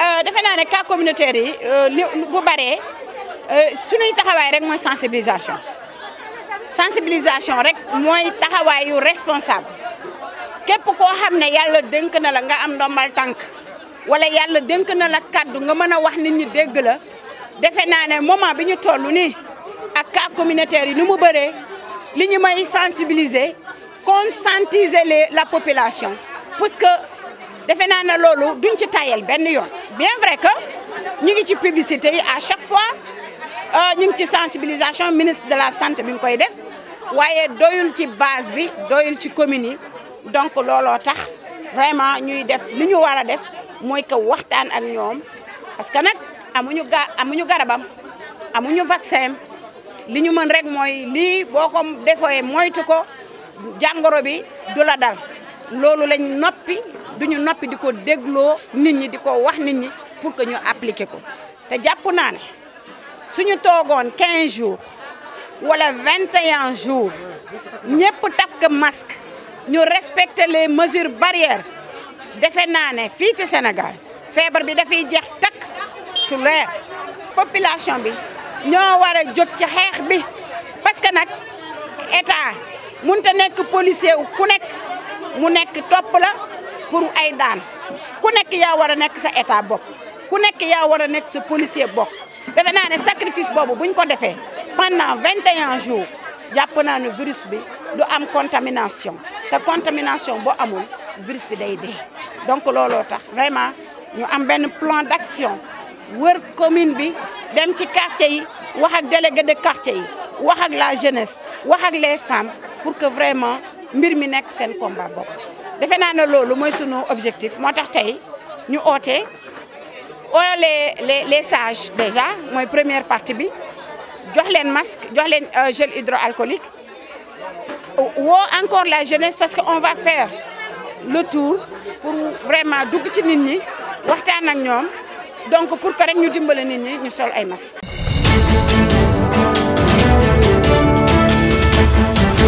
Euh, defe naa ne communautaire yi euh, li bu baree euh, suñuy taxawaay rek mooy sensibilisation sensibilisation rek mooy taxawaay yu responsable képp koo xam ne yàlla dënk na la nga am ndombal tànk wala yàlla dënk na la kàddu nga mën a wax nit ñi dégg la defe naa ne moment bi ñu toll nii ak cas communautaire yi ni mu bëree. Nous devons sensibiliser conscientiser la population parce que nous bien vrai que nous ngi publicité à chaque fois euh, sensibilisation ministre de la santé nous avons fait. base bi commune donc vraiment nous def que parce que nous li ñu mën rek moy li boko ko moytu ko jangoro bi du la dal lolu lañ nopi duñu nopi diko ko nit ñi diko wax nit ñi pour que ñu appliquer ko té jappu naa suñu togone 15 jours wala 21 jours ñëpp takk masque ñu respecter les mesures barrières défé naané fi ci Sénégal fièvre bi dafay jex tak tu leer population bi ñoo wara a jóg ci xeex bi parce que nag état munta nekk policier wu ku nekk mu nekk topp la pour ay daan ku nekk yaa war a sa état bopp ku nekk yaa war a sa policier bopp defe naa ne sacrifice boobu buñ ko defee pendant vingt et un jours jàpp ne virus bi du am contamination te contamination boo amul virus bi day dee donc looloo tax vraiment ñu am benn plan d'action la commune bi les ci quartier yi de quartier la jeunesse les femmes pour que vraiment combat objectif Nous les sages déjà la première partie Nous jox un masque jox euh, gel hydroalcoolique ou encore la jeunesse parce qu'on va faire le tour pour vraiment dugg ci nit ñi donc pour que ñu dimbale nit ñi ñu sol ay mas